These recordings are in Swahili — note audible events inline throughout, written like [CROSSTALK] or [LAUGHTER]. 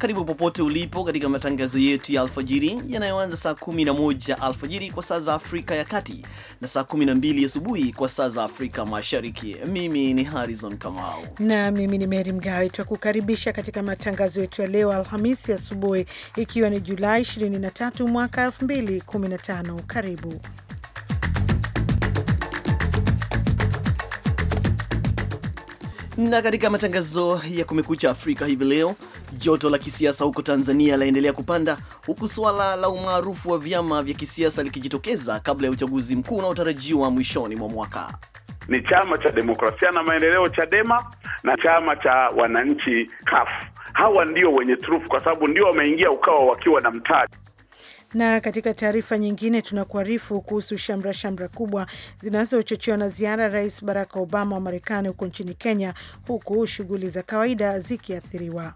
Karibu popote ulipo katika matangazo yetu ya alfajiri yanayoanza saa 11 alfajiri kwa saa za Afrika ya Kati na saa 12 asubuhi kwa saa za Afrika Mashariki. Mimi ni Harrison Kamau na mimi ni Mary Mgawe, twakukaribisha katika matangazo yetu ya leo Alhamisi asubuhi, ikiwa ni Julai 23 mwaka 2015. Karibu Na katika matangazo ya Kumekucha Afrika hivi leo, joto la kisiasa huko Tanzania laendelea kupanda huku swala la umaarufu wa vyama vya kisiasa likijitokeza kabla ya uchaguzi mkuu unaotarajiwa mwishoni mwa mwaka. Ni chama cha demokrasia na maendeleo Chadema na chama cha wananchi CUF. Hawa ndio wenye trufu kwa sababu ndio wameingia Ukawa wakiwa na mtaji na katika taarifa nyingine tunakuarifu kuhusu shamra shamra kubwa zinazochochewa na ziara Rais Barack Obama wa Marekani huko nchini Kenya, huku shughuli za kawaida zikiathiriwa.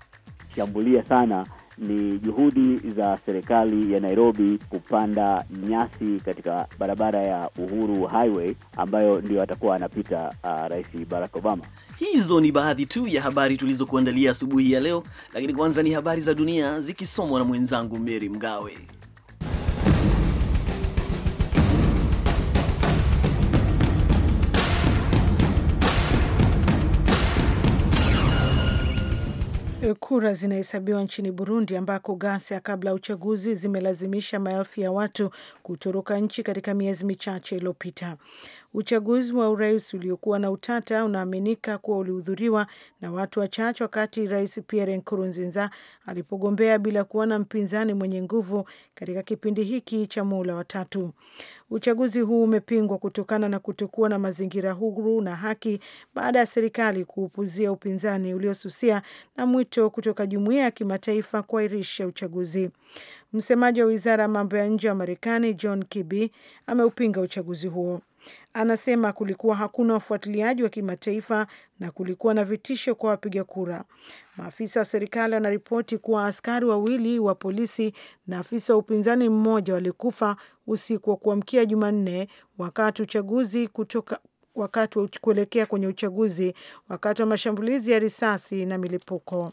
Shambulia sana ni juhudi za serikali ya Nairobi kupanda nyasi katika barabara ya Uhuru Highway ambayo ndio atakuwa anapita uh, Rais Barack Obama. Hizo ni baadhi tu ya habari tulizokuandalia asubuhi ya leo, lakini kwanza ni habari za dunia zikisomwa na mwenzangu Mary Mgawe. Eh, kura zinahesabiwa nchini Burundi ambako ghasia kabla ya uchaguzi zimelazimisha maelfu ya watu kutoroka nchi katika miezi michache iliyopita. Uchaguzi wa urais uliokuwa na utata unaaminika kuwa ulihudhuriwa na watu wachache, wakati Rais Pierre Nkurunziza alipogombea bila kuwa na mpinzani mwenye nguvu katika kipindi hiki cha muhula watatu. Uchaguzi huu umepingwa kutokana na kutokuwa na mazingira huru na haki baada ya serikali kuupuzia upinzani uliosusia na mwito kutoka jumuiya ya kimataifa kuahirisha uchaguzi. Msemaji wa wizara ya mambo ya nje wa Marekani John Kirby ameupinga uchaguzi huo. Anasema kulikuwa hakuna wafuatiliaji wa kimataifa na kulikuwa na vitisho kwa wapiga kura. Maafisa wa serikali wanaripoti kuwa askari wawili wa polisi na afisa wa upinzani mmoja walikufa usiku wa kuamkia Jumanne wakati uchaguzi kutoka wakati wa kuelekea kwenye uchaguzi wakati wa mashambulizi ya risasi na milipuko.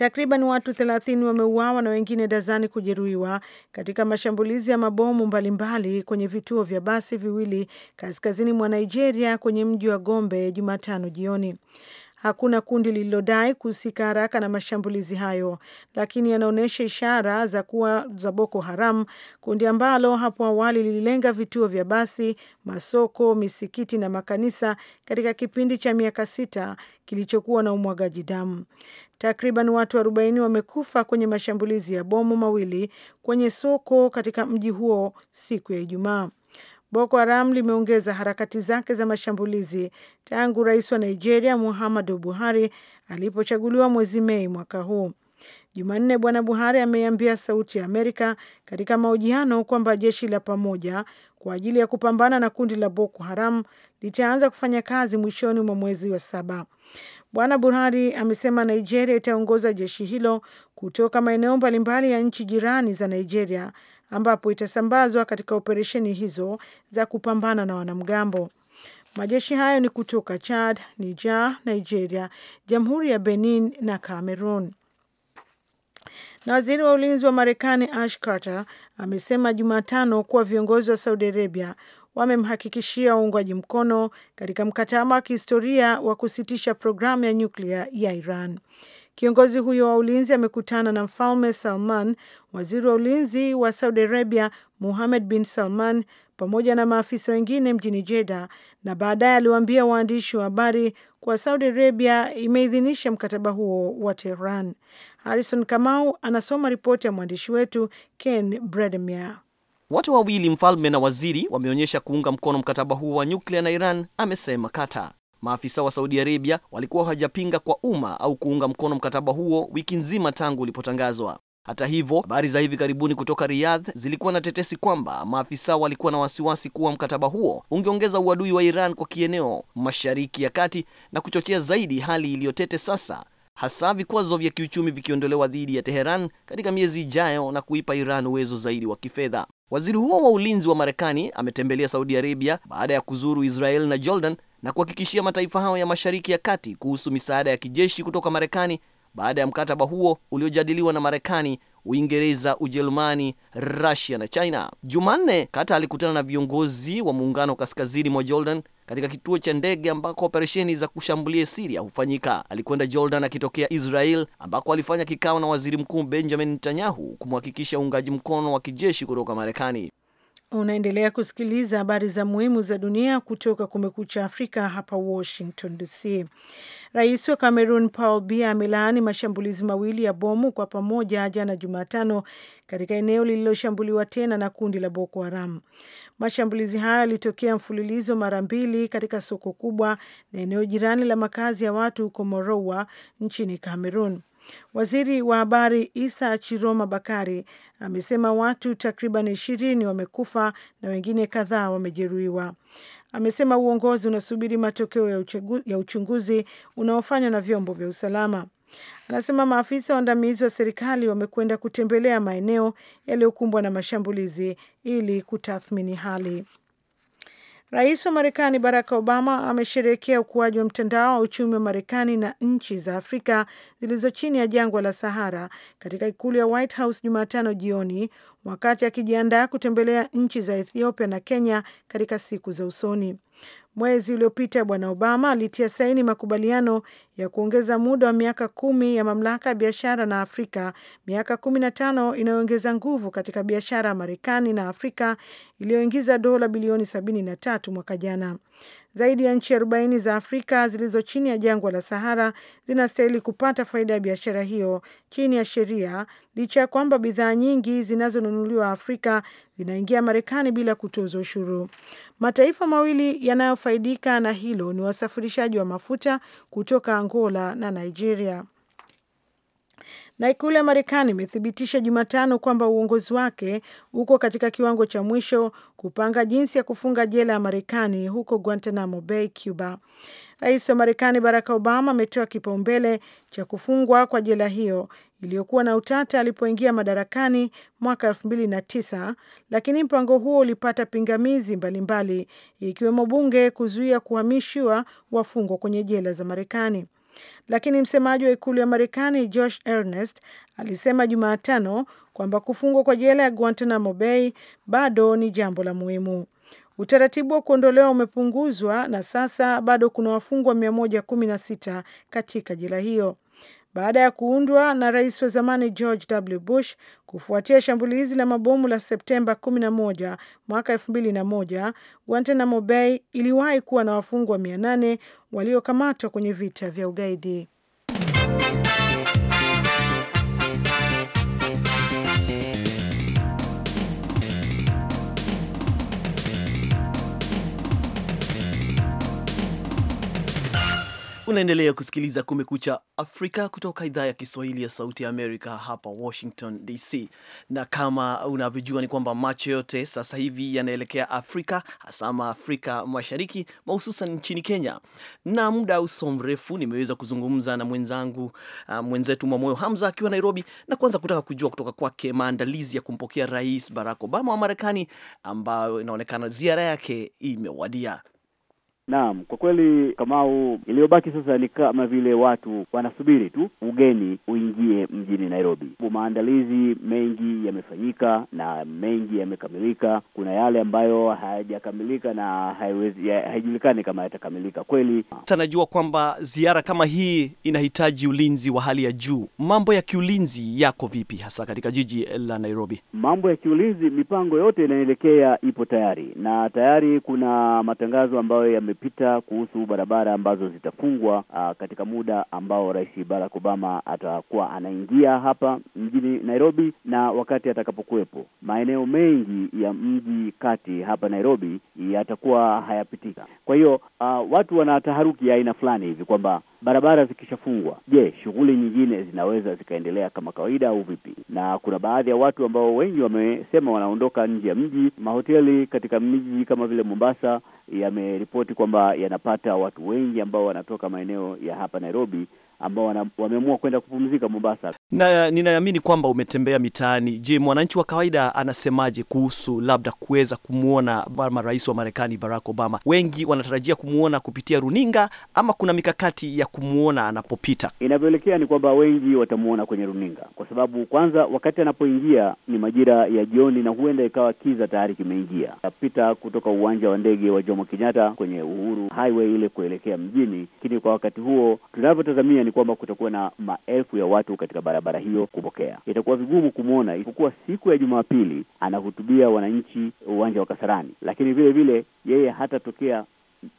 Takriban watu 30 wameuawa na wengine dazani kujeruhiwa katika mashambulizi ya mabomu mbalimbali mbali kwenye vituo vya basi viwili kaskazini mwa Nigeria kwenye mji wa Gombe Jumatano jioni. Hakuna kundi lililodai kuhusika haraka na mashambulizi hayo, lakini yanaonyesha ishara za kuwa za Boko Haram, kundi ambalo hapo awali lililenga vituo vya basi, masoko, misikiti na makanisa katika kipindi cha miaka sita kilichokuwa na umwagaji damu. Takriban watu 40 wamekufa kwenye mashambulizi ya bomu mawili kwenye soko katika mji huo siku ya Ijumaa. Boko Haram limeongeza harakati zake za mashambulizi tangu rais wa Nigeria Muhammadu Buhari alipochaguliwa mwezi Mei mwaka huu. Jumanne, Bwana Buhari ameiambia Sauti ya Amerika katika mahojiano kwamba jeshi la pamoja kwa ajili ya kupambana na kundi la Boko Haram litaanza kufanya kazi mwishoni mwa mwezi wa saba. Bwana Buhari amesema Nigeria itaongoza jeshi hilo kutoka maeneo mbalimbali ya nchi jirani za Nigeria ambapo itasambazwa katika operesheni hizo za kupambana na wanamgambo. Majeshi hayo ni kutoka Chad, Niger, Nigeria, Jamhuri ya Benin na Cameroon. Na waziri wa ulinzi wa Marekani Ash Carter amesema Jumatano kuwa viongozi wa Saudi Arabia wamemhakikishia uungwaji mkono katika mkataba wa kihistoria wa kusitisha programu ya nyuklia ya Iran. Kiongozi huyo wa ulinzi amekutana na Mfalme Salman, waziri wa ulinzi wa Saudi Arabia Muhamed bin Salman pamoja na maafisa wengine mjini jeda na baadaye aliwaambia waandishi wa habari kuwa Saudi Arabia imeidhinisha mkataba huo wa Tehran. Harrison Kamau anasoma ripoti ya mwandishi wetu Ken Bredemir. Watu wawili, mfalme na waziri, wameonyesha kuunga mkono mkataba huo wa nyuklia na Iran, amesema Kata. Maafisa wa Saudi Arabia walikuwa hawajapinga kwa umma au kuunga mkono mkataba huo wiki nzima tangu ulipotangazwa. Hata hivyo, habari za hivi karibuni kutoka Riyadh zilikuwa na tetesi kwamba maafisa walikuwa na wasiwasi kuwa mkataba huo ungeongeza uadui wa Iran kwa kieneo Mashariki ya Kati na kuchochea zaidi hali iliyotete sasa, hasa vikwazo vya kiuchumi vikiondolewa dhidi ya Teheran katika miezi ijayo na kuipa Iran uwezo zaidi wa kifedha. Waziri huo wa ulinzi wa Marekani ametembelea Saudi Arabia baada ya kuzuru Israel na Jordan na kuhakikishia mataifa hayo ya Mashariki ya Kati kuhusu misaada ya kijeshi kutoka Marekani baada ya mkataba huo uliojadiliwa na Marekani, Uingereza, Ujerumani, rusia na China. Jumanne, Kata alikutana na viongozi wa muungano kaskazini mwa Jordan katika kituo cha ndege ambako operesheni za kushambulia Siria hufanyika. Alikwenda Jordan akitokea Israel ambako alifanya kikao na waziri mkuu Benjamin Netanyahu kumhakikisha uungaji mkono wa kijeshi kutoka Marekani. Unaendelea kusikiliza habari za muhimu za dunia kutoka Kumekucha Afrika hapa Washington DC. Rais wa Cameroon Paul Biya amelaani mashambulizi mawili ya bomu kwa pamoja jana Jumatano katika eneo lililoshambuliwa tena na kundi la Boko Haram. Mashambulizi hayo yalitokea mfululizo mara mbili katika soko kubwa na eneo jirani la makazi ya watu huko Morowa nchini Cameroon. Waziri wa habari Isa Chiroma Bakari amesema watu takriban ishirini wamekufa na wengine kadhaa wamejeruhiwa. Amesema uongozi unasubiri matokeo ya uchunguzi unaofanywa na vyombo vya usalama. Anasema maafisa waandamizi wa serikali wamekwenda kutembelea maeneo yaliyokumbwa na mashambulizi ili kutathmini hali. Rais wa Marekani Barack Obama amesherehekea ukuaji wa mtandao wa uchumi wa Marekani na nchi za Afrika zilizo chini ya jangwa la Sahara katika ikulu ya White House Jumatano jioni wakati akijiandaa kutembelea nchi za Ethiopia na Kenya katika siku za usoni. Mwezi uliopita Bwana Obama alitia saini makubaliano ya kuongeza muda wa miaka kumi ya mamlaka ya biashara na Afrika, miaka kumi na tano inayoongeza nguvu katika biashara ya Marekani na Afrika iliyoingiza dola bilioni sabini na tatu mwaka jana. Zaidi ya nchi arobaini za Afrika zilizo chini ya jangwa la Sahara zinastahili kupata faida ya biashara hiyo chini ya sheria, licha ya kwamba bidhaa nyingi zinazonunuliwa Afrika zinaingia Marekani bila kutoza ushuru. Mataifa mawili yanayofaidika na hilo ni wasafirishaji wa mafuta kutoka Angola na Nigeria na ikulu ya Marekani imethibitisha Jumatano kwamba uongozi wake uko katika kiwango cha mwisho kupanga jinsi ya kufunga jela ya Marekani huko Guantanamo Bay, Cuba. Rais wa Marekani Barack Obama ametoa kipaumbele cha kufungwa kwa jela hiyo iliyokuwa na utata alipoingia madarakani mwaka elfu mbili na tisa, lakini mpango huo ulipata pingamizi mbalimbali ikiwemo bunge kuzuia kuhamishiwa wafungwa kwenye jela za Marekani. Lakini msemaji wa ikulu ya Marekani Josh ernest alisema Jumatano kwamba kufungwa kwa jela ya Guantanamo Bay bado ni jambo la muhimu. Utaratibu wa kuondolewa umepunguzwa na sasa bado kuna wafungwa 116 katika jela hiyo baada ya kuundwa na rais wa zamani George W. Bush kufuatia shambulizi la mabomu la Septemba 11 mwaka 2001. Guantanamo Bay iliwahi kuwa na wafungwa 800 waliokamatwa kwenye vita vya ugaidi. Unaendelea kusikiliza Kumekucha Afrika kutoka idhaa ya Kiswahili ya Sauti ya Amerika hapa Washington DC, na kama unavyojua ni kwamba macho yote sasa hivi yanaelekea Afrika, hasama Afrika Mashariki, mahususan nchini Kenya. Na muda uso mrefu nimeweza kuzungumza na mwenzangu ah, mwenzetu Mwamoyo Hamza akiwa Nairobi, na kwanza kutaka kujua kutoka kwake maandalizi ya kumpokea Rais Barack Obama wa Marekani, ambayo inaonekana ziara yake imewadia. Naam, kwa kweli Kamau, iliyobaki sasa ni kama vile watu wanasubiri tu ugeni uingie mjini Nairobi. Maandalizi mengi yamefanyika na mengi yamekamilika. Kuna yale ambayo hayajakamilika na haiwezi haijulikani kama yatakamilika kweli. Najua kwamba ziara kama hii inahitaji ulinzi wa hali ya juu. Mambo ya kiulinzi yako vipi hasa katika jiji la Nairobi? Mambo ya kiulinzi, mipango yote inaelekea ipo tayari na tayari kuna matangazo ambayo yame uliopita kuhusu barabara ambazo zitafungwa ah, katika muda ambao Rais Barack Obama atakuwa anaingia hapa mjini Nairobi na wakati atakapokuwepo. Maeneo mengi ya mji kati hapa Nairobi yatakuwa hayapitika. Kwa hiyo uh, watu wana taharuki ya aina fulani hivi kwamba barabara zikishafungwa, je, shughuli nyingine zinaweza zikaendelea kama kawaida au vipi? Na kuna baadhi ya watu ambao wengi wamesema wanaondoka nje ya mji, mahoteli katika miji kama vile Mombasa yameripoti kwamba yanapata watu wengi ambao wanatoka maeneo ya hapa Nairobi ambao wameamua kwenda kupumzika Mombasa. Na ninaamini kwamba umetembea mitaani. Je, mwananchi wa kawaida anasemaje kuhusu labda kuweza kumwona mama rais wa Marekani Barack Obama? Wengi wanatarajia kumwona kupitia runinga ama kuna mikakati ya kumwona anapopita? Inavyoelekea ni kwamba wengi watamwona kwenye runinga, kwa sababu kwanza, wakati anapoingia ni majira ya jioni na huenda ikawa kiza tayari kimeingia. Tapita kutoka uwanja wa ndege wa Jomo Kenyatta kwenye Uhuru Highway ile kuelekea mjini, lakini kwa wakati huo tunavyotazamia ni kwamba kutakuwa na maelfu ya watu katika barabara hiyo kupokea. Itakuwa vigumu kumwona, isipokuwa siku ya Jumapili anahutubia wananchi uwanja wa Kasarani, lakini vile vile yeye hatatokea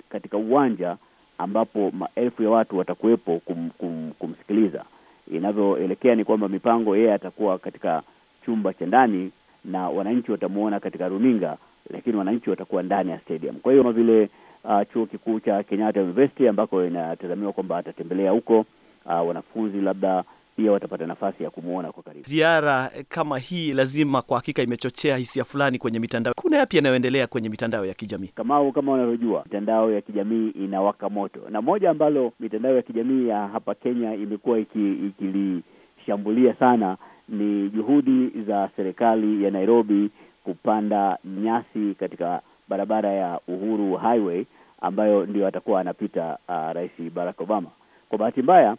katika uwanja ambapo maelfu ya watu watakuwepo kum, kum, kumsikiliza. Inavyoelekea ni kwamba mipango, yeye atakuwa katika chumba cha ndani na wananchi watamwona katika runinga, lakini wananchi watakuwa ndani ya stadium. Kwa hiyo kama vile uh, chuo kikuu cha Kenyatta University ambako inatazamiwa kwamba atatembelea huko uh, wanafunzi labda pia watapata nafasi ya kumwona kwa karibu. Ziara eh, kama hii lazima kwa hakika imechochea hisia fulani kwenye mitandao. Kuna yapi yanayoendelea kwenye mitandao ya kijamii Kamau? Kama unavyojua mitandao ya kijamii inawaka moto, na moja ambalo mitandao ya kijamii ya hapa Kenya imekuwa ikilishambulia sana ni juhudi za serikali ya Nairobi kupanda nyasi katika barabara ya Uhuru Highway ambayo ndio atakuwa anapita uh, Rais Barack Obama. Kwa bahati mbaya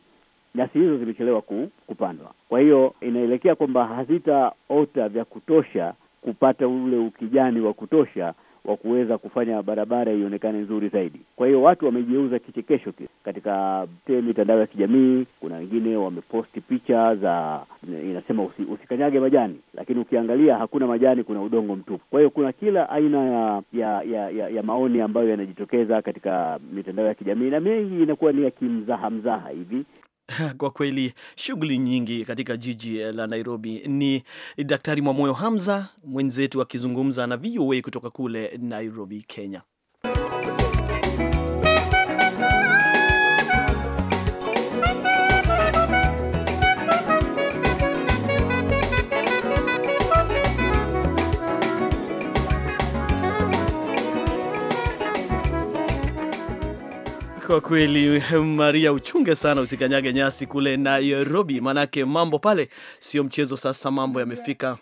nyasi hizo zimechelewa kupandwa. Kwa hiyo inaelekea kwamba hazitaota vya kutosha kupata ule ukijani wa kutosha wa kuweza kufanya barabara ionekane nzuri zaidi. Kwa hiyo watu wamejeuza kichekesho katika mitandao ya kijamii. Kuna wengine wameposti picha za inasema usi, usikanyage majani, lakini ukiangalia hakuna majani, kuna udongo mtupu. Kwa hiyo kuna kila aina ya ya ya, ya, ya maoni ambayo yanajitokeza katika mitandao ya kijamii, na mengi inakuwa ni ya kimzahamzaha hivi [LAUGHS] Kwa kweli shughuli nyingi katika jiji eh, la Nairobi. Ni Daktari Mwamoyo Hamza mwenzetu akizungumza na VOA kutoka kule Nairobi, Kenya. Kwa kweli Maria, uchunge sana usikanyage nyasi kule Nairobi, manake mambo pale sio mchezo. Sasa mambo yamefika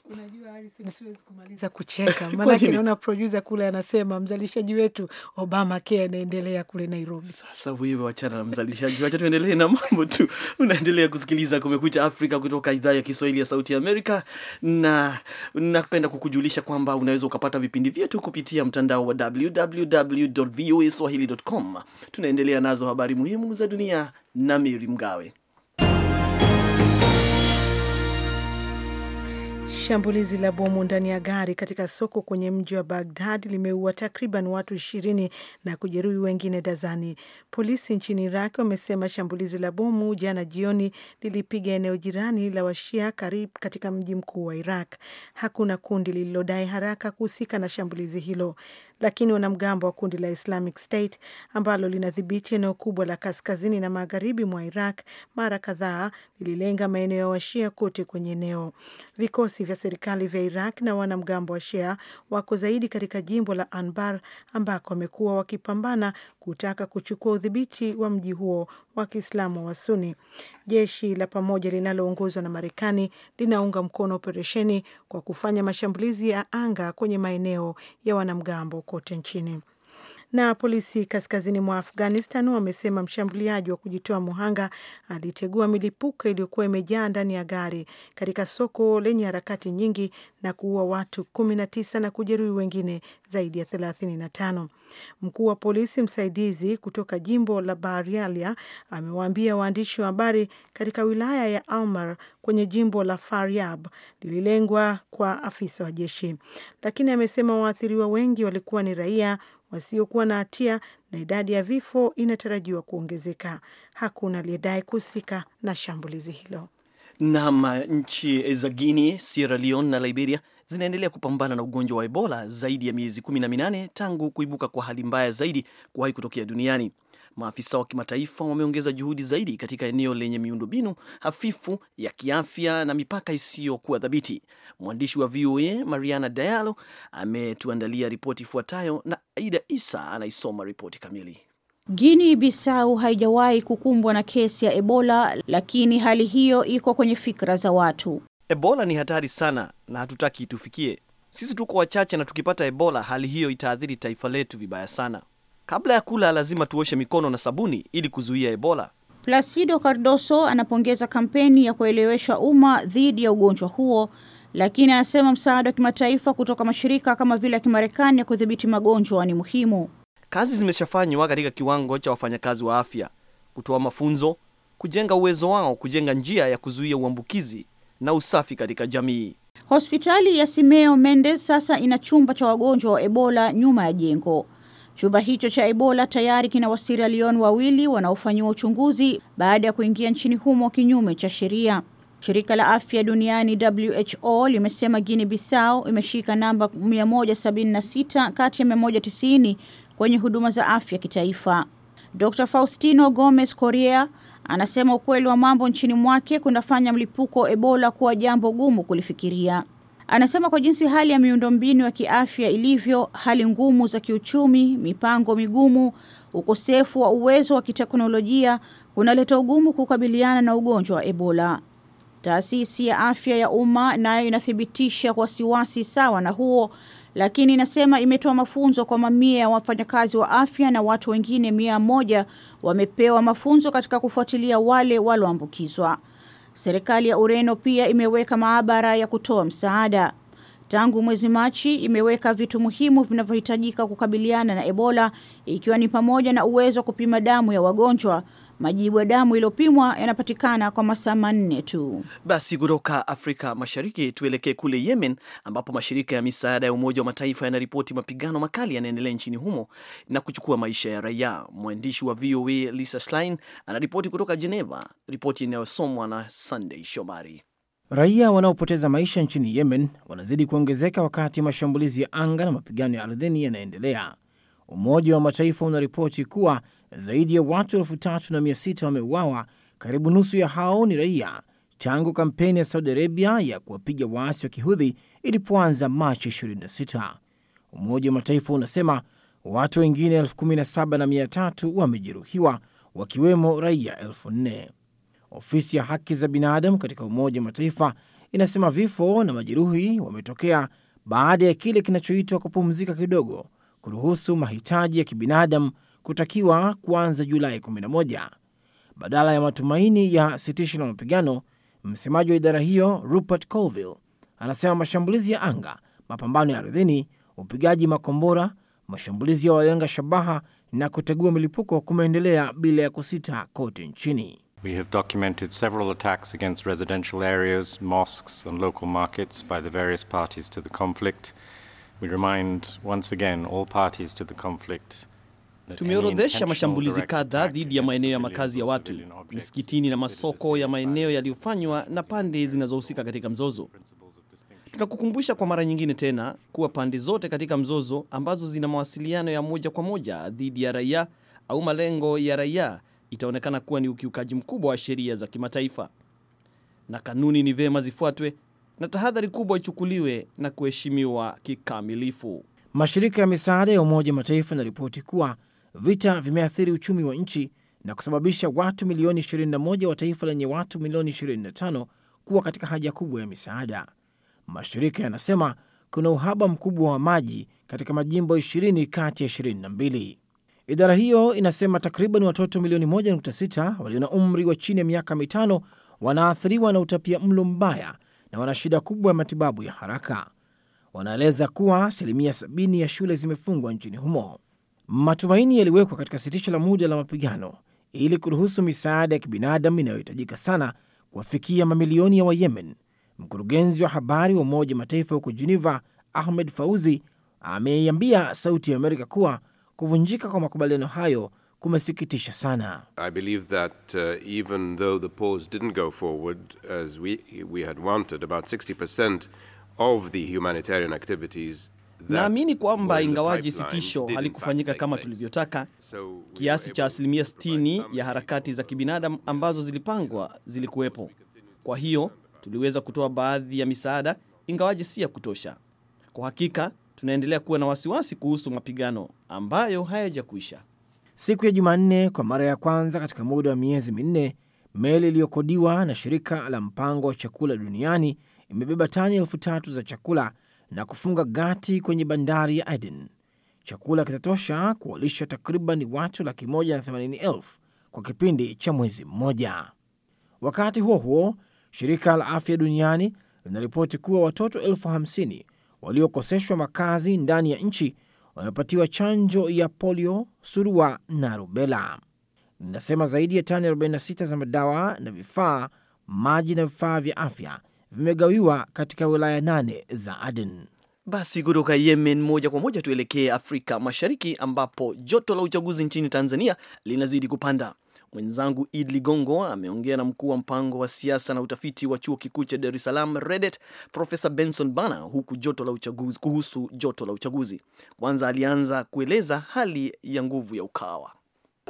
siwezi kumaliza [LAUGHS] kucheka, maanake naona produsa kule anasema mzalishaji wetu Obama Care anaendelea kule Nairobi. Sasa wewe wachana na mzalishaji, wacha tuendelee na mambo tu. Unaendelea kusikiliza Kumekucha Afrika kutoka idhaa ya Kiswahili ya Sauti ya Amerika, na napenda kukujulisha kwamba unaweza ukapata vipindi vyetu kupitia mtandao wa www voa swahili.com. Tunaendelea nazo habari muhimu za dunia na mary Mgawe. Shambulizi la bomu ndani ya gari katika soko kwenye mji wa bagdad limeua takriban watu ishirini na kujeruhi wengine dazani. Polisi nchini Iraq wamesema shambulizi la bomu jana jioni lilipiga eneo jirani la Washia karibu katika mji mkuu wa Iraq. Hakuna kundi lililodai haraka kuhusika na shambulizi hilo lakini wanamgambo wa kundi la Islamic State ambalo linadhibiti eneo kubwa la kaskazini na magharibi mwa Iraq mara kadhaa lililenga maeneo ya washia kote kwenye eneo. Vikosi vya serikali vya Iraq na wanamgambo wa Shia wako zaidi katika jimbo la Anbar ambako wamekuwa wakipambana kutaka kuchukua udhibiti wa mji huo wa Kiislamu wa Suni. Jeshi la pamoja linaloongozwa na Marekani linaunga mkono operesheni kwa kufanya mashambulizi ya anga kwenye maeneo ya wanamgambo kote nchini. Na polisi kaskazini mwa Afghanistan wamesema mshambuliaji wa kujitoa muhanga alitegua milipuko iliyokuwa imejaa ndani ya gari katika soko lenye harakati nyingi na kuua watu 19 na kujeruhi wengine zaidi ya 35. Mkuu wa polisi msaidizi kutoka jimbo la Bahrialia amewaambia waandishi wa habari katika wilaya ya Almar kwenye jimbo la Faryab lililengwa kwa afisa wa jeshi, lakini amesema waathiriwa wengi walikuwa ni raia wasiokuwa na hatia na idadi ya vifo inatarajiwa kuongezeka. Hakuna aliyedai kuhusika na shambulizi hilo. Nam, nchi za Guinea, Sierra Leone na Liberia zinaendelea kupambana na ugonjwa wa Ebola zaidi ya miezi minane tangu kuibuka kwa hali mbaya zaidi kuwahi kutokea duniani. Maafisa wa kimataifa wameongeza juhudi zaidi katika eneo lenye miundombinu hafifu ya kiafya na mipaka isiyokuwa dhabiti. Mwandishi wa VOA Mariana Diallo ametuandalia ripoti ifuatayo, na Aida Isa anaisoma ripoti kamili. guini bisau haijawahi kukumbwa na kesi ya Ebola, lakini hali hiyo iko kwenye fikra za watu. Ebola ni hatari sana na hatutaki itufikie. Sisi tuko wachache na tukipata Ebola, hali hiyo itaathiri taifa letu vibaya sana. Kabla ya kula, lazima tuoshe mikono na sabuni ili kuzuia Ebola. Placido Cardoso anapongeza kampeni ya kuelewesha umma dhidi ya ugonjwa huo, lakini anasema msaada wa kimataifa kutoka mashirika kama vile ya Kimarekani ya kudhibiti magonjwa ni muhimu. Kazi zimeshafanywa katika kiwango cha wafanyakazi wa afya, kutoa mafunzo, kujenga uwezo wao, kujenga njia ya kuzuia uambukizi na usafi katika jamii. Hospitali ya Simeo Mendes sasa ina chumba cha wagonjwa wa Ebola nyuma ya jengo. Chumba hicho cha Ebola tayari kina wa Sierra Leone wawili wanaofanyiwa uchunguzi baada ya kuingia nchini humo kinyume cha sheria. Shirika la Afya Duniani WHO limesema Guinea Bissau imeshika namba 176 kati ya 190 kwenye huduma za afya kitaifa. Dr. Faustino Gomez Correa anasema ukweli wa mambo nchini mwake kunafanya mlipuko wa Ebola kuwa jambo gumu kulifikiria. Anasema kwa jinsi hali ya miundombinu ya kiafya ilivyo, hali ngumu za kiuchumi, mipango migumu, ukosefu wa uwezo wa kiteknolojia kunaleta ugumu kukabiliana na ugonjwa wa Ebola. Taasisi ya afya ya umma nayo inathibitisha wasiwasi sawa na huo, lakini inasema imetoa mafunzo kwa mamia ya wafanyakazi wa afya na watu wengine mia moja wamepewa mafunzo katika kufuatilia wale walioambukizwa. Serikali ya Ureno pia imeweka maabara ya kutoa msaada. Tangu mwezi Machi imeweka vitu muhimu vinavyohitajika kukabiliana na Ebola ikiwa ni pamoja na uwezo wa kupima damu ya wagonjwa majibu ya damu iliyopimwa yanapatikana kwa masaa manne tu. Basi kutoka Afrika Mashariki tuelekee kule Yemen, ambapo mashirika ya misaada ya Umoja wa Mataifa yanaripoti mapigano makali yanaendelea nchini humo na kuchukua maisha ya raia. Mwandishi wa VOA Lisa Schlein anaripoti kutoka Geneva, ripoti inayosomwa na Sunday Shomari. Raia wanaopoteza maisha nchini Yemen wanazidi kuongezeka wakati mashambulizi ya anga na mapigano ya ardhini yanaendelea. Umoja wa Mataifa unaripoti kuwa zaidi ya watu elfu tatu na mia sita wameuawa, karibu nusu ya hao ni raia, tangu kampeni ya Saudi Arabia ya kuwapiga waasi wa kihudhi ilipoanza Machi 26. Umoja wa Mataifa unasema watu wengine elfu kumi na saba na mia tatu wamejeruhiwa wakiwemo raia elfu nne. Ofisi ya haki za binadamu katika Umoja wa Mataifa inasema vifo na majeruhi wametokea baada ya kile kinachoitwa kupumzika kidogo, kuruhusu mahitaji ya kibinadamu kutakiwa kuanza Julai 11 badala ya matumaini ya sitisho la mapigano. Msemaji wa idara hiyo Rupert Colville anasema mashambulizi ya anga, mapambano ya ardhini, upigaji makombora, mashambulizi ya walenga shabaha na kutegua milipuko kumeendelea bila ya kusita kote nchini. We have documented several attacks against residential areas, mosques and local markets by the various parties to the conflict. We remind once again all parties to the conflict Tumeorodhesha mashambulizi kadhaa dhidi ya maeneo ya makazi ya watu, misikitini na masoko ya maeneo yaliyofanywa na pande zinazohusika katika mzozo. Tunakukumbusha kwa mara nyingine tena kuwa pande zote katika mzozo ambazo zina mawasiliano ya moja kwa moja dhidi ya raia au malengo ya raia itaonekana kuwa ni ukiukaji mkubwa wa sheria za kimataifa, na kanuni ni vema zifuatwe na tahadhari kubwa ichukuliwe na kuheshimiwa kikamilifu. Mashirika ya misaada ya Umoja wa Mataifa yanaripoti kuwa Vita vimeathiri uchumi wa nchi na kusababisha watu milioni 21 wa taifa lenye watu milioni 25 kuwa katika haja kubwa ya misaada. Mashirika yanasema kuna uhaba mkubwa wa maji katika majimbo 20 kati ya 22. Idara hiyo inasema takriban watoto milioni 1.6 walio na umri wa chini ya miaka mitano wanaathiriwa na utapia mlo mbaya na wana shida kubwa ya matibabu ya haraka. Wanaeleza kuwa asilimia 70 ya shule zimefungwa nchini humo. Matumaini yaliwekwa katika sitisho la muda la mapigano ili kuruhusu misaada ya kibinadamu inayohitajika sana kuwafikia mamilioni ya Wayemen. Mkurugenzi wa habari wa Umoja Mataifa huko Geneva, Ahmed Fauzi, ameiambia Sauti ya Amerika kuwa kuvunjika kwa makubaliano hayo kumesikitisha sana. Naamini kwamba ingawaji sitisho halikufanyika kama tulivyotaka, kiasi cha asilimia 60 ya harakati za kibinadamu ambazo zilipangwa zilikuwepo. Kwa hiyo tuliweza kutoa baadhi ya misaada, ingawaji si ya kutosha. Kwa hakika tunaendelea kuwa na wasiwasi kuhusu mapigano ambayo hayajakwisha. Siku ya Jumanne, kwa mara ya kwanza katika muda wa miezi minne, meli iliyokodiwa na shirika la mpango wa chakula duniani imebeba tani elfu tatu za chakula na kufunga gati kwenye bandari ya Aden. Chakula kitatosha kuwalisha takriban watu laki moja na themanini elfu kwa kipindi cha mwezi mmoja. Wakati huo huo, shirika la afya duniani linaripoti kuwa watoto elfu hamsini waliokoseshwa makazi ndani ya nchi wamepatiwa chanjo ya polio, surua na rubela. Linasema zaidi ya tani 46 za madawa na vifaa, maji na vifaa vya afya vimegawiwa katika wilaya nane za Aden. Basi kutoka Yemen moja kwa moja tuelekee Afrika Mashariki, ambapo joto la uchaguzi nchini Tanzania linazidi kupanda. Mwenzangu Id Ligongo ameongea na mkuu wa mpango wa siasa na utafiti wa chuo kikuu cha Dar es Salaam REDET, Profesa Benson Bana huku joto la uchaguzi kuhusu joto la uchaguzi. Kwanza alianza kueleza hali ya nguvu ya Ukawa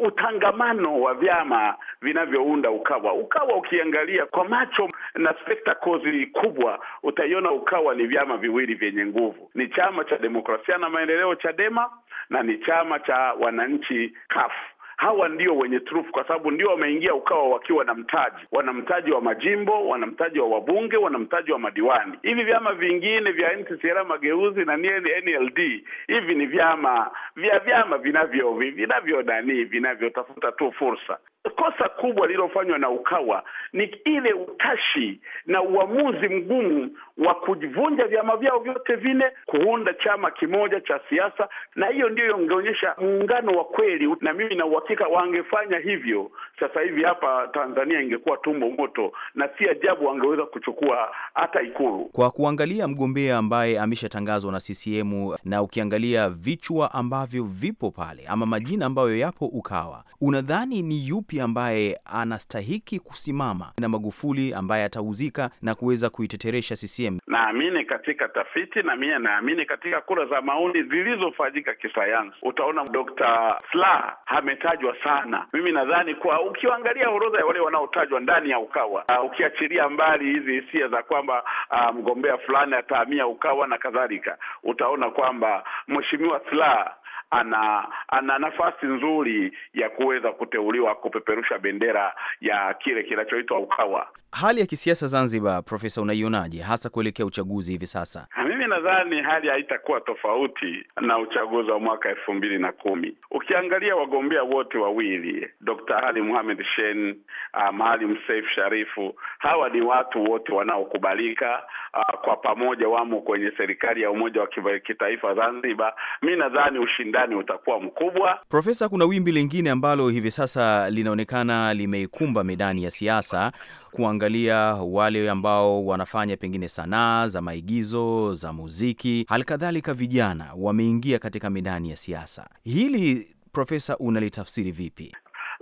utangamano wa vyama vinavyounda Ukawa. Ukawa ukiangalia kwa macho na spectacles kubwa, utaiona Ukawa ni vyama viwili vyenye nguvu, ni chama cha demokrasia na maendeleo Chadema na ni chama cha wananchi kafu hawa ndio wenye turufu, kwa sababu ndio wameingia Ukawa wakiwa na mtaji, wana mtaji wa majimbo, wana mtaji wa wabunge, wana mtaji wa madiwani. Hivi vyama vingine vya NCCR Mageuzi na NLD hivi ni vyama vya vyama vinavyo vinavyo nani vinavyotafuta tu fursa kosa kubwa lililofanywa na UKAWA ni ile utashi na uamuzi mgumu wa kuvunja vyama vyao vyote vine kuunda chama kimoja cha siasa, na hiyo ndiyo ingeonyesha muungano wa kweli, na mimi na uhakika wangefanya hivyo, sasa hivi hapa Tanzania ingekuwa tumbo moto, na si ajabu wangeweza kuchukua hata Ikulu kwa kuangalia mgombea ambaye ameshatangazwa na CCM, na ukiangalia vichwa ambavyo vipo pale ama majina ambayo yapo UKAWA, unadhani ni yupi ambaye anastahiki kusimama na Magufuli ambaye atauzika na kuweza kuiteteresha CCM. Naamini katika tafiti na mie naamini katika kura za maoni zilizofanyika kisayansi, utaona Dr. Slaa ametajwa sana. Mimi nadhani kuwa ukiangalia orodha ya wale wanaotajwa ndani ya Ukawa, uh, ukiachilia mbali hizi hisia za kwamba uh, mgombea fulani atahamia Ukawa na kadhalika, utaona kwamba Mheshimiwa Slaa ana ana nafasi nzuri ya kuweza kuteuliwa kupeperusha bendera ya kile kinachoitwa UKAWA. Hali ya kisiasa Zanzibar, Profesa, unaionaje hasa kuelekea uchaguzi hivi sasa? nadhani hali haitakuwa tofauti na uchaguzi wa mwaka elfu mbili na kumi. Ukiangalia wagombea wote wawili, Dr. Ali Muhamed Shein, uh, Maalim Seif Sharifu, hawa ni watu wote wanaokubalika, uh, kwa pamoja wamo kwenye serikali ya umoja wa kitaifa Zanzibar. Mi nadhani ushindani utakuwa mkubwa. Profesa, kuna wimbi lingine ambalo hivi sasa linaonekana limeikumba medani ya siasa, kuangalia wale ambao wanafanya pengine sanaa za maigizo za muziki, halikadhalika vijana wameingia katika midani ya siasa. Hili Profesa, unalitafsiri vipi?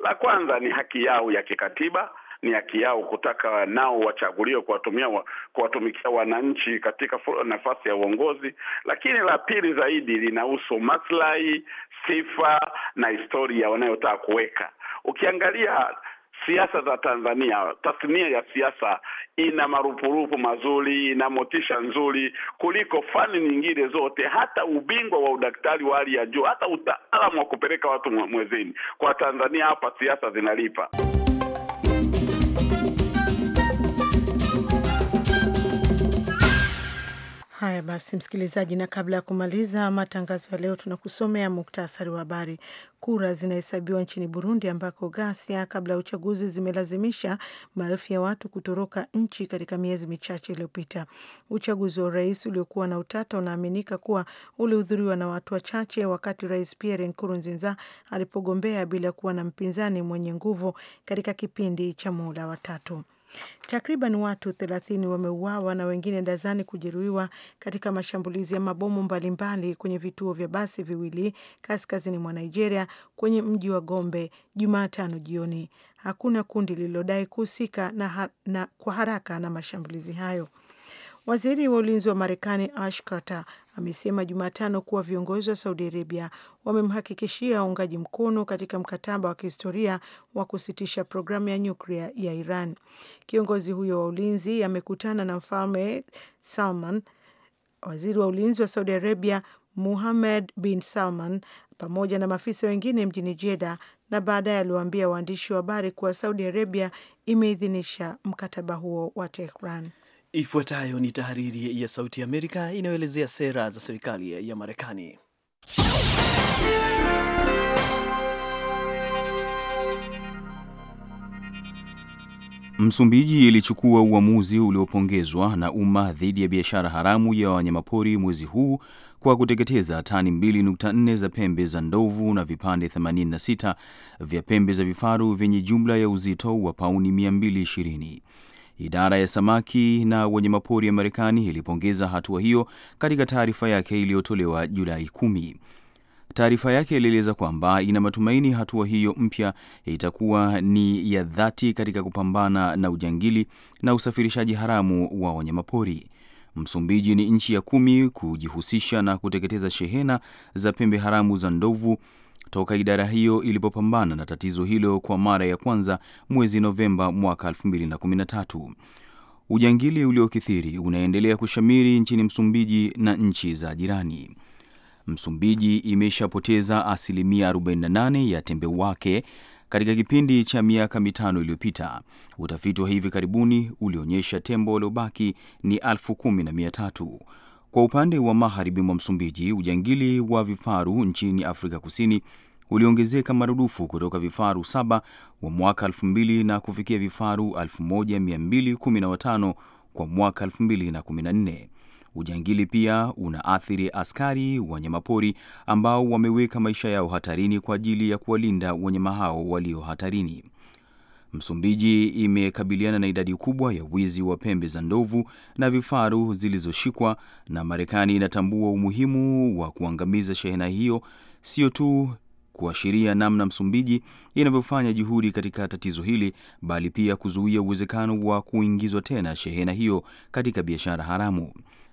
La kwanza ni haki yao ya kikatiba ni haki yao kutaka nao wachaguliwe kuwatumia kuwatumikia wananchi katika nafasi ya uongozi, lakini la pili zaidi linahusu maslahi, sifa na historia wanayotaka kuweka. Ukiangalia siasa za Tanzania, tasnia ya siasa ina marupurupu mazuri, ina motisha nzuri kuliko fani nyingine zote, hata ubingwa wa udaktari wa hali ya juu, hata utaalamu wa kupeleka watu mwezini. Kwa Tanzania hapa siasa zinalipa. Haya basi, msikilizaji, na kabla ya kumaliza matangazo ya leo, tunakusomea muktasari wa habari. Kura zinahesabiwa nchini Burundi ambako ghasia kabla ya uchaguzi zimelazimisha maelfu ya watu kutoroka nchi katika miezi michache iliyopita. Uchaguzi wa urais uliokuwa na utata unaaminika kuwa ulihudhuriwa na watu wachache, wakati Rais Pierre Nkurunziza alipogombea bila kuwa na mpinzani mwenye nguvu katika kipindi cha muhula watatu Takriban watu 30 wameuawa na wengine dazani kujeruhiwa katika mashambulizi ya mabomu mbalimbali kwenye vituo vya basi viwili kaskazini mwa Nigeria kwenye mji wa Gombe Jumatano jioni. Hakuna kundi lililodai kuhusika na, na kwa haraka na mashambulizi hayo. Waziri wa ulinzi wa Marekani Ash Carter amesema Jumatano kuwa viongozi wa Saudi Arabia wamemhakikishia uungaji mkono katika mkataba wa kihistoria wa kusitisha programu ya nyuklia ya Iran. Kiongozi huyo wa ulinzi amekutana na Mfalme Salman, waziri wa ulinzi wa Saudi Arabia Muhamed bin Salman pamoja na maafisa wengine mjini Jeddah na baadaye aliwaambia waandishi wa habari kuwa Saudi Arabia imeidhinisha mkataba huo wa Tehran. Ifuatayo ni tahariri ya Sauti ya Amerika inayoelezea sera za serikali ya Marekani. Msumbiji ilichukua uamuzi uliopongezwa na umma dhidi ya biashara haramu ya wanyamapori mwezi huu kwa kuteketeza tani 2.4 za pembe za ndovu na vipande 86 vya pembe za vifaru vyenye jumla ya uzito wa pauni 220. Idara ya samaki na wanyamapori ya Marekani ilipongeza hatua hiyo katika taarifa yake iliyotolewa Julai kumi. Taarifa yake ilieleza kwamba ina matumaini hatua hiyo mpya itakuwa ni ya dhati katika kupambana na ujangili na usafirishaji haramu wa wanyamapori. Msumbiji ni nchi ya kumi kujihusisha na kuteketeza shehena za pembe haramu za ndovu toka idara hiyo ilipopambana na tatizo hilo kwa mara ya kwanza mwezi Novemba mwaka 2013. Ujangili uliokithiri unaendelea kushamiri nchini Msumbiji na nchi za jirani. Msumbiji imeshapoteza asilimia 48 ya tembe wake katika kipindi cha miaka mitano iliyopita. Utafiti wa hivi karibuni ulionyesha tembo waliobaki ni elfu kumi na mia tatu. Kwa upande wa magharibi mwa Msumbiji, ujangili wa vifaru nchini Afrika Kusini uliongezeka marudufu kutoka vifaru saba wa mwaka 2000 na kufikia vifaru 1215 kwa mwaka 2014. Ujangili pia unaathiri askari wanyamapori ambao wameweka maisha yao hatarini kwa ajili ya kuwalinda wanyama hao walio hatarini. Msumbiji imekabiliana na idadi kubwa ya wizi wa pembe za ndovu na vifaru zilizoshikwa, na Marekani inatambua umuhimu wa kuangamiza shehena hiyo, sio tu kuashiria namna Msumbiji inavyofanya juhudi katika tatizo hili, bali pia kuzuia uwezekano wa kuingizwa tena shehena hiyo katika biashara haramu.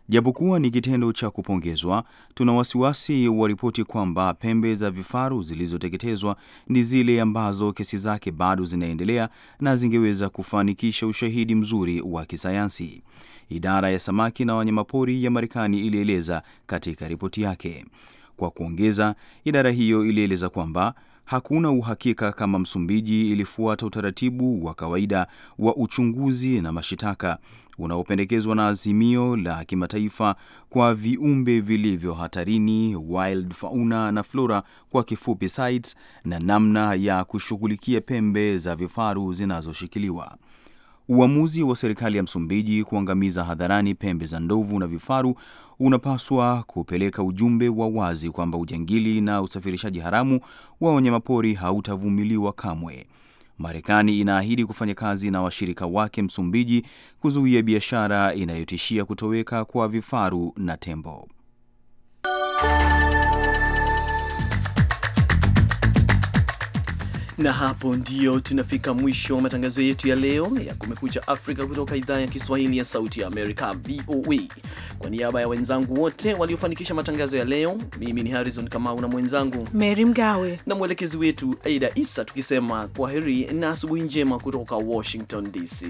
Japokuwa ni kitendo cha kupongezwa, tuna wasiwasi wa ripoti kwamba pembe za vifaru zilizoteketezwa ni zile ambazo kesi zake bado zinaendelea na zingeweza kufanikisha ushahidi mzuri wa kisayansi, idara ya samaki na wanyamapori ya Marekani ilieleza katika ripoti yake. Kwa kuongeza, idara hiyo ilieleza kwamba hakuna uhakika kama Msumbiji ilifuata utaratibu wa kawaida wa uchunguzi na mashitaka unaopendekezwa na azimio la kimataifa kwa viumbe vilivyo hatarini, wild fauna na flora kwa kifupi sites, na namna ya kushughulikia pembe za vifaru zinazoshikiliwa. Uamuzi wa serikali ya Msumbiji kuangamiza hadharani pembe za ndovu na vifaru unapaswa kupeleka ujumbe wa wazi kwamba ujangili na usafirishaji haramu wa wanyamapori hautavumiliwa kamwe. Marekani inaahidi kufanya kazi na washirika wake Msumbiji kuzuia biashara inayotishia kutoweka kwa vifaru na tembo. Na hapo ndio tunafika mwisho wa matangazo yetu ya leo ya Kumekucha Afrika kutoka idhaa ya Kiswahili ya Sauti ya Amerika, VOA. Kwa niaba ya wenzangu wote waliofanikisha matangazo ya leo, mimi ni Harrison Kamau na mwenzangu Mary Mgawe na mwelekezi wetu Aida Isa, tukisema kwaheri na asubuhi njema kutoka Washington DC.